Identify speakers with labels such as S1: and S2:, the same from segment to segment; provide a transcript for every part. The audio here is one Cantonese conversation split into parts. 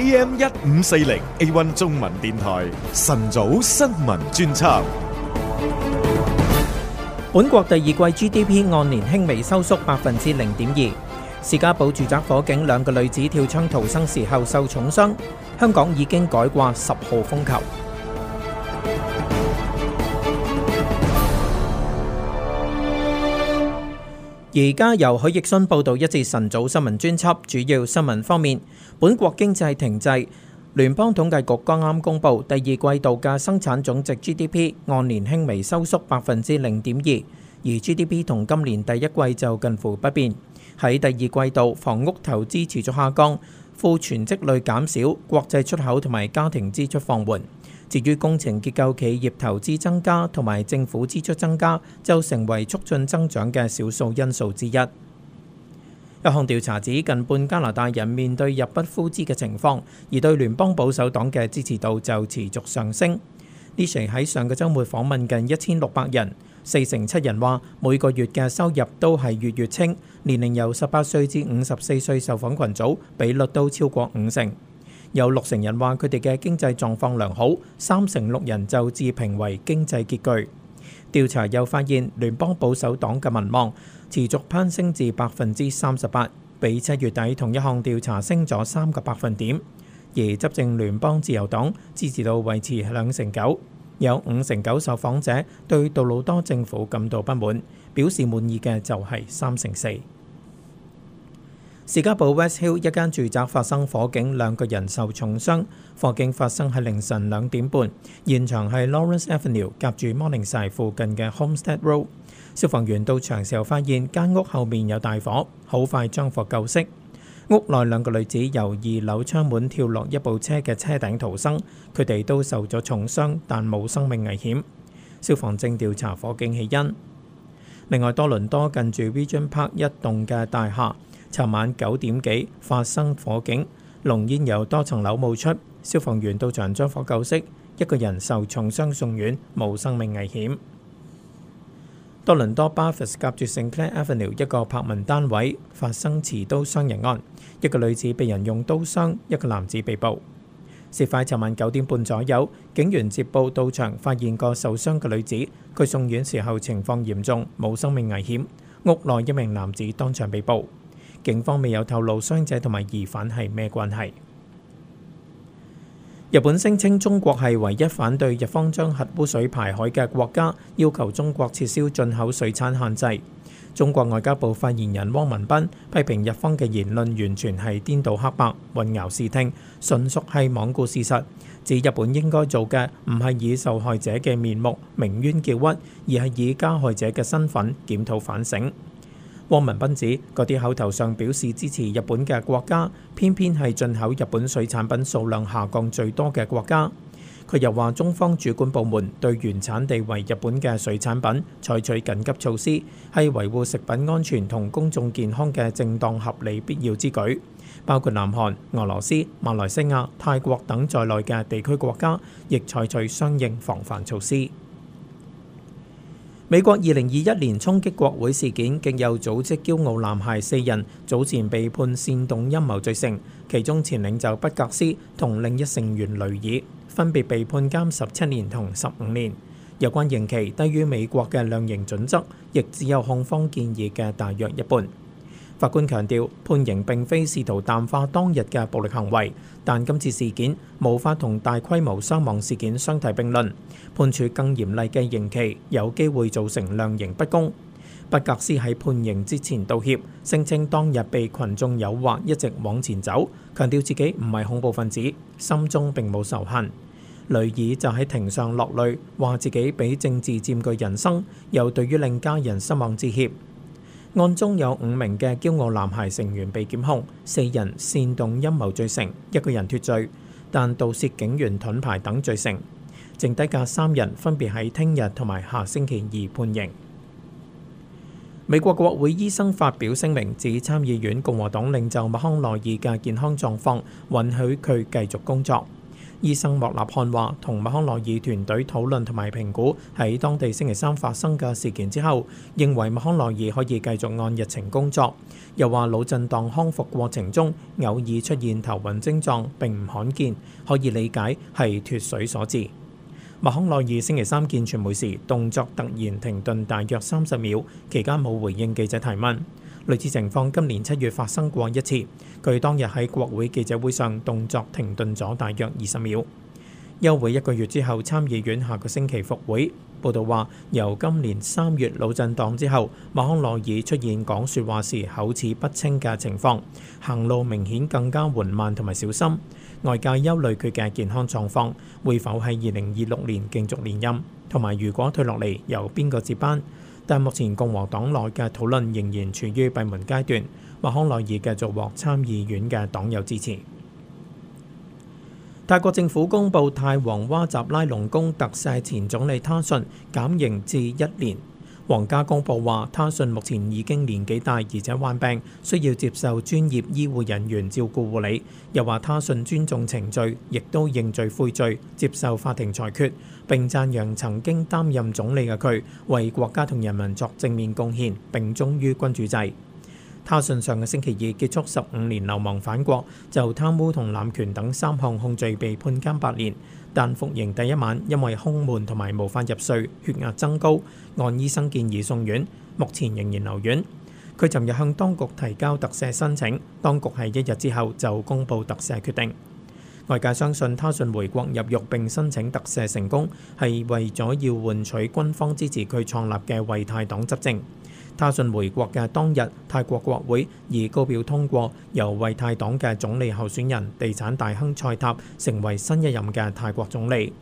S1: AM 一
S2: 五四零 A One 中文電台晨早新聞專輯，本國第二季 GDP 按年輕微收縮百分之零點二，士嘉堡住宅火警，兩個女子跳窗逃生時候受重傷，香港已經改掛十號風球。而家由許奕迅報道一節晨早新聞專輯，主要新聞方面，本國經濟停滯。聯邦統計局剛啱公布第二季度嘅生產總值 GDP 按年輕微收縮百分之零點二，而 GDP 同今年第一季就近乎不變。喺第二季度，房屋投資持續下降，庫存積累減少，國際出口同埋家庭支出放緩。至於工程結構、企業投資增加同埋政府支出增加，就成為促進增長嘅少數因素之一。一項調查指，近半加拿大人面對入不敷支嘅情況，而對聯邦保守黨嘅支持度就持續上升。Lizzie 喺上個週末訪問近一千六百人，四成七人話每個月嘅收入都係月月清，年齡由十八歲至五十四歲受訪群組比率都超過五成。有六成人話佢哋嘅經濟狀況良好，三成六人就自評為經濟拮據。調查又發現聯邦保守黨嘅民望持續攀升至百分之三十八，比七月底同一項調查升咗三個百分點。而執政聯邦自由黨支持度維持兩成九，有五成九受訪者對杜魯多政府感到不滿，表示滿意嘅就係三成四。士嘉堡 West Hill 一間住宅發生火警，兩個人受重傷。火警發生喺凌晨兩點半，現場係 Lawrence Avenue 夾住 Morningside 附近嘅 Homestead Road。消防員到場時候發現間屋後面有大火，好快將火救熄。屋內兩個女子由二樓窗門跳落一部車嘅車頂逃生，佢哋都受咗重傷，但冇生命危險。消防正調查火警起因。另外，多倫多近住 V Jump Park 一棟嘅大廈。尋晚九點幾發生火警，濃煙由多層樓冒出，消防員到場將火救熄，一個人受重傷送院，冇生命危險。多倫多 Bathurst 夾住 St. Clair Avenue 一個柏文單位發生持刀傷人案，一個女子被人用刀傷，一個男子被捕。事發尋晚九點半左右，警員接報到場，發現個受傷嘅女子，佢送院時候情況嚴重，冇生命危險。屋內一名男子當場被捕。警方未有透露傷者同埋疑犯係咩關係。日本聲稱中國係唯一反對日方將核污水排海嘅國家，要求中國撤銷進口水產限制。中國外交部發言人汪文斌批評日方嘅言論完全係顛倒黑白、混淆視聽，純屬係罔顧事實。指日本應該做嘅唔係以受害者嘅面目鳴冤叫屈，而係以加害者嘅身份檢討反省。汪文斌指，嗰啲口頭上表示支持日本嘅國家，偏偏係進口日本水產品數量下降最多嘅國家。佢又話，中方主管部門對原產地為日本嘅水產品採取緊急措施，係維護食品安全同公眾健康嘅正當合理必要之舉，包括南韓、俄羅斯、馬來西亞、泰國等在內嘅地區國家，亦採取相應防範措施。美國二零二一年衝擊國會事件，極右組織驕傲男孩四人，早前被判煽動陰謀罪成，其中前領袖畢格斯同另一成員雷爾分別被判監十七年同十五年。有關刑期低於美國嘅量刑準則，亦只有控方建議嘅大約一半。法官強調，判刑並非試圖淡化當日嘅暴力行為，但今次事件無法同大規模傷亡事件相提並論。判處更嚴厲嘅刑期，有機會造成量刑不公。畢格斯喺判刑之前道歉，聲稱當日被群眾誘惑，一直往前走，強調自己唔係恐怖分子，心中並冇仇恨。雷爾就喺庭上落淚，話自己畀政治佔據人生，又對於令家人失望致歉。案中有五名嘅《驕傲男孩》成員被檢控，四人煽動陰謀罪成，一個人脱罪，但盜竊警員盾牌等罪成，剩低嘅三人分別喺聽日同埋下星期二判刑。美國國會醫生發表聲明，指參議院共和黨領袖麥康奈爾嘅健康狀況允許佢繼續工作。醫生莫納漢話，同麥康奈爾團隊討論同埋評估喺當地星期三發生嘅事件之後，認為麥康奈爾可以繼續按日程工作。又話腦震盪康復過程中，偶爾出現頭暈症狀並唔罕見，可以理解係脱水所致。麥康奈爾星期三見傳媒時動作突然停頓大約三十秒，期間冇回應記者提問。類似情況今年七月發生過一次，據當日喺國會記者會上動作停頓咗大約二十秒。休會一個月之後，參議院下個星期復會。報道話，由今年三月腦震盪之後，麥康奈爾出現講說話時口齒不清嘅情況，行路明顯更加緩慢同埋小心。外界憂慮佢嘅健康狀況會否喺二零二六年競逐連任，同埋如果退落嚟由邊個接班？但目前共和黨內嘅討論仍然處於閉門階段，麥康奈爾繼續獲參議院嘅黨友支持。泰國政府公布，泰王哇集拉隆功特赦前總理他信減刑至一年。皇家公報話，他信目前已經年紀大，而且患病，需要接受專業醫護人員照顧護理。又話他信尊重程序，亦都認罪悔罪，接受法庭裁決。並讚揚曾經擔任總理嘅佢，為國家同人民作正面貢獻，並忠於君主制。他信上個星期二結束十五年流亡返國，就貪污同濫權等三項控罪被判監八年，但服刑第一晚因為胸悶同埋無法入睡，血壓增高，按醫生建議送院，目前仍然留院。佢尋日向當局提交特赦申請，當局係一日之後就公布特赦決定。外界相信他信回國入獄並申請特赦成功，係為咗要換取軍方支持佢創立嘅為泰黨執政。他信回國嘅當日，泰國國會以高票通過，由惠泰黨嘅總理候選人、地產大亨蔡塔成為新一任嘅泰國總理。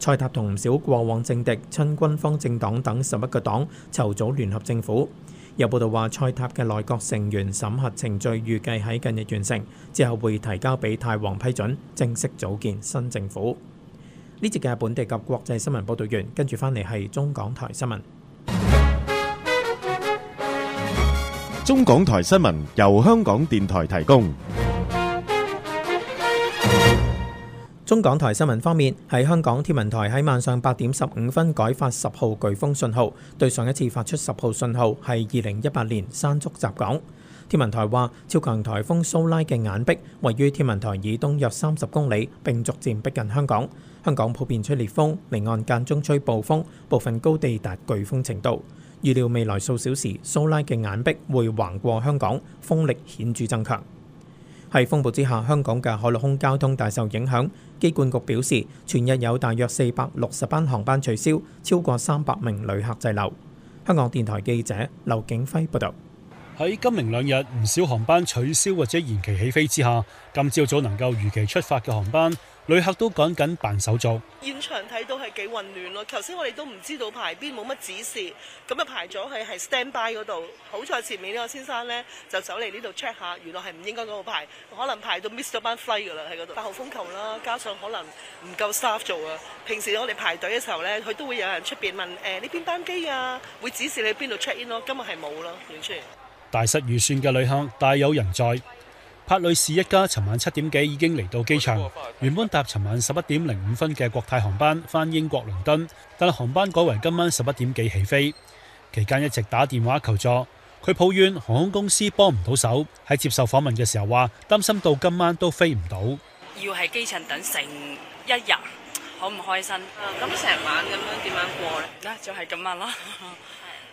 S2: 蔡塔同唔少過往政敵、親軍方政黨等十一個黨籌組聯合政府。有報道話，蔡塔嘅內閣成員審核程序預計喺近日完成，之後會提交俾泰王批准，正式組建新政府。呢節嘅本地及國際新聞報道完，跟住翻嚟係中港台新聞。
S1: 中港台新聞由香港電台提供。
S2: 中港台新聞方面，喺香港天文台喺晚上八點十五分改發十號颶風信號，對上一次發出十號信號係二零一八年山竹襲港。天文台話，超強台風蘇拉嘅眼壁位於天文台以東約三十公里，並逐漸逼近香港。香港普遍吹烈風，離岸間中吹暴風，部分高地達颶風程度。預料未來數小時，蘇拉嘅眼壁會橫過香港，風力顯著增強。喺風暴之下，香港嘅海陸空交通大受影響。機管局表示，全日有大約四百六十班航班取消，超過三百名旅客滯留。香港電台記者劉景輝報道：
S3: 「喺今明兩日唔少航班取消或者延期起飛之下，今朝早，早能夠如期出發嘅航班。旅客都趕緊辦手續，現場睇到係幾混亂咯。頭先我哋都唔知道排邊，冇乜指示，咁就排咗係係 stand by 嗰度。好在前面呢個先生咧就走嚟呢度 check 下，原來係唔應該嗰度排，可能排到 miss 咗班 Fly 噶啦喺嗰度。八號風球啦，加上可能唔夠 staff 做啊。平時我哋排隊嘅時候咧，佢都會有人出邊問誒呢邊班機啊，會指示你邊度 check in 咯。今日係冇咯，唔出嚟。大失預算嘅旅客大有人在。帕女士一家尋晚七點幾已經嚟到機場，原本搭尋晚十一點零五分嘅國泰航班翻英國倫敦，但航班改為今晚十一點幾起飛。期間一直打電話求助，佢抱怨航空公司幫唔到手。喺接受訪問嘅時候話，擔心到今晚都飛唔到，
S1: 要喺機場等成一日，好唔開心。啊，咁成晚咁樣點樣過呢？就係咁樣咯，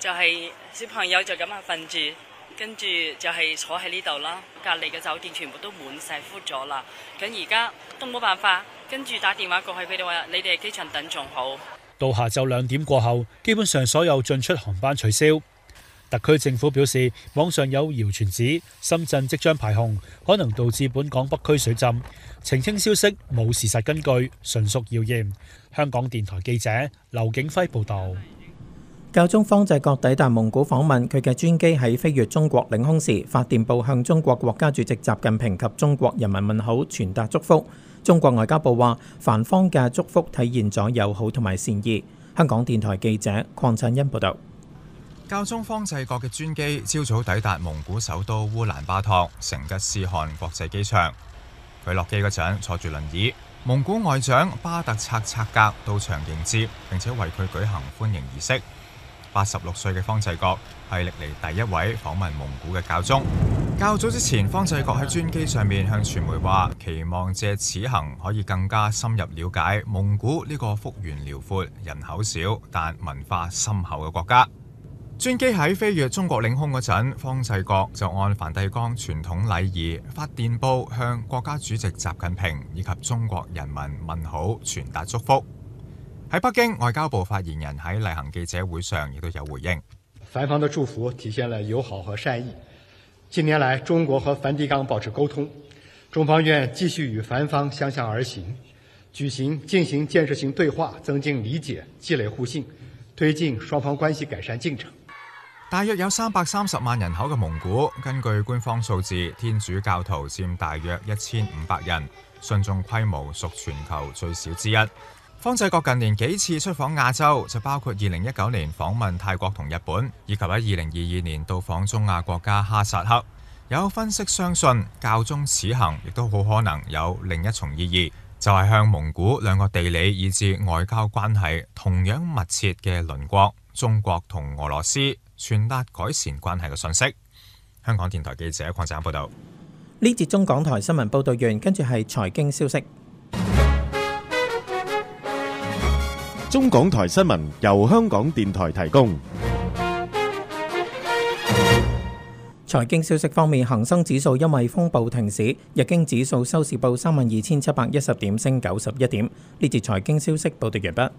S1: 就係小朋友就咁樣瞓住。跟住就係坐喺呢度啦，隔籬嘅酒店全部都滿晒鋪咗啦。咁而家都冇辦法，跟住打電話過去，佢哋話你哋喺機場等仲好。
S3: 到下晝兩點過後，基本上所有進出航班取消。特區政府表示，網上有謠傳指深圳即將排洪，可能導致本港北區水浸，澄清消息冇事實根據，純屬謠言。香港電台記者劉景輝報道。
S2: 教宗方濟各抵達蒙古訪問，佢嘅專機喺飛越中國領空時，發電報向中國國家主席習近平及中國人民問好，傳達祝福。中國外交部話，梵方嘅祝福體現咗友好同埋善意。香港電台記者鄺振欣報道。
S1: 教宗方濟各嘅專機朝早抵達蒙古首都烏蘭巴托成吉思汗國際機場，佢落機嗰陣坐住輪椅，蒙古外長巴特策策格到場迎接，並且為佢舉行歡迎儀式。八十六歲嘅方濟各係歷嚟第一位訪問蒙古嘅教宗。較早之前，方濟各喺專機上面向傳媒話，期望借此行可以更加深入了解蒙古呢個幅員遼闊、人口少但文化深厚嘅國家。專機喺飛越中國領空嗰陣，方濟各就按梵蒂岡傳統禮儀發電報向國家主席習近平以及中國人民問好，傳達祝福。喺北京，外交部發言人喺例行記者會上亦都有回應。梵方的祝福體現了友好和善意。近年來，中國和梵蒂岡保持溝通，中方願繼續與梵方相向而行，舉行進行建設性對話，增進理解，積累互信，推進雙方關係改善進程。大約有三百三十萬人口嘅蒙古，根據官方數字，天主教徒占大約一千五百人，信眾規模屬全球最少之一。方濟各近年幾次出訪亞洲，就包括二零一九年訪問泰國同日本，以及喺二零二二年到訪中亞國家哈薩克。有分析相信，教宗此行亦都好可能有另一重意義，就係向蒙古兩個地理以至外交關係同樣密切嘅鄰國中國同俄羅斯傳達改善關係嘅信息。香港電台記者鄺展鵬報道。
S2: 呢節中港台新聞報道完，跟住係財經消息。
S1: 中港台新聞由香港電台提供。
S2: 財經消息方面，恒生指數因為風暴停市，日經指數收市報三萬二千七百一十點，升九十一點。呢節財經消息報道完畢。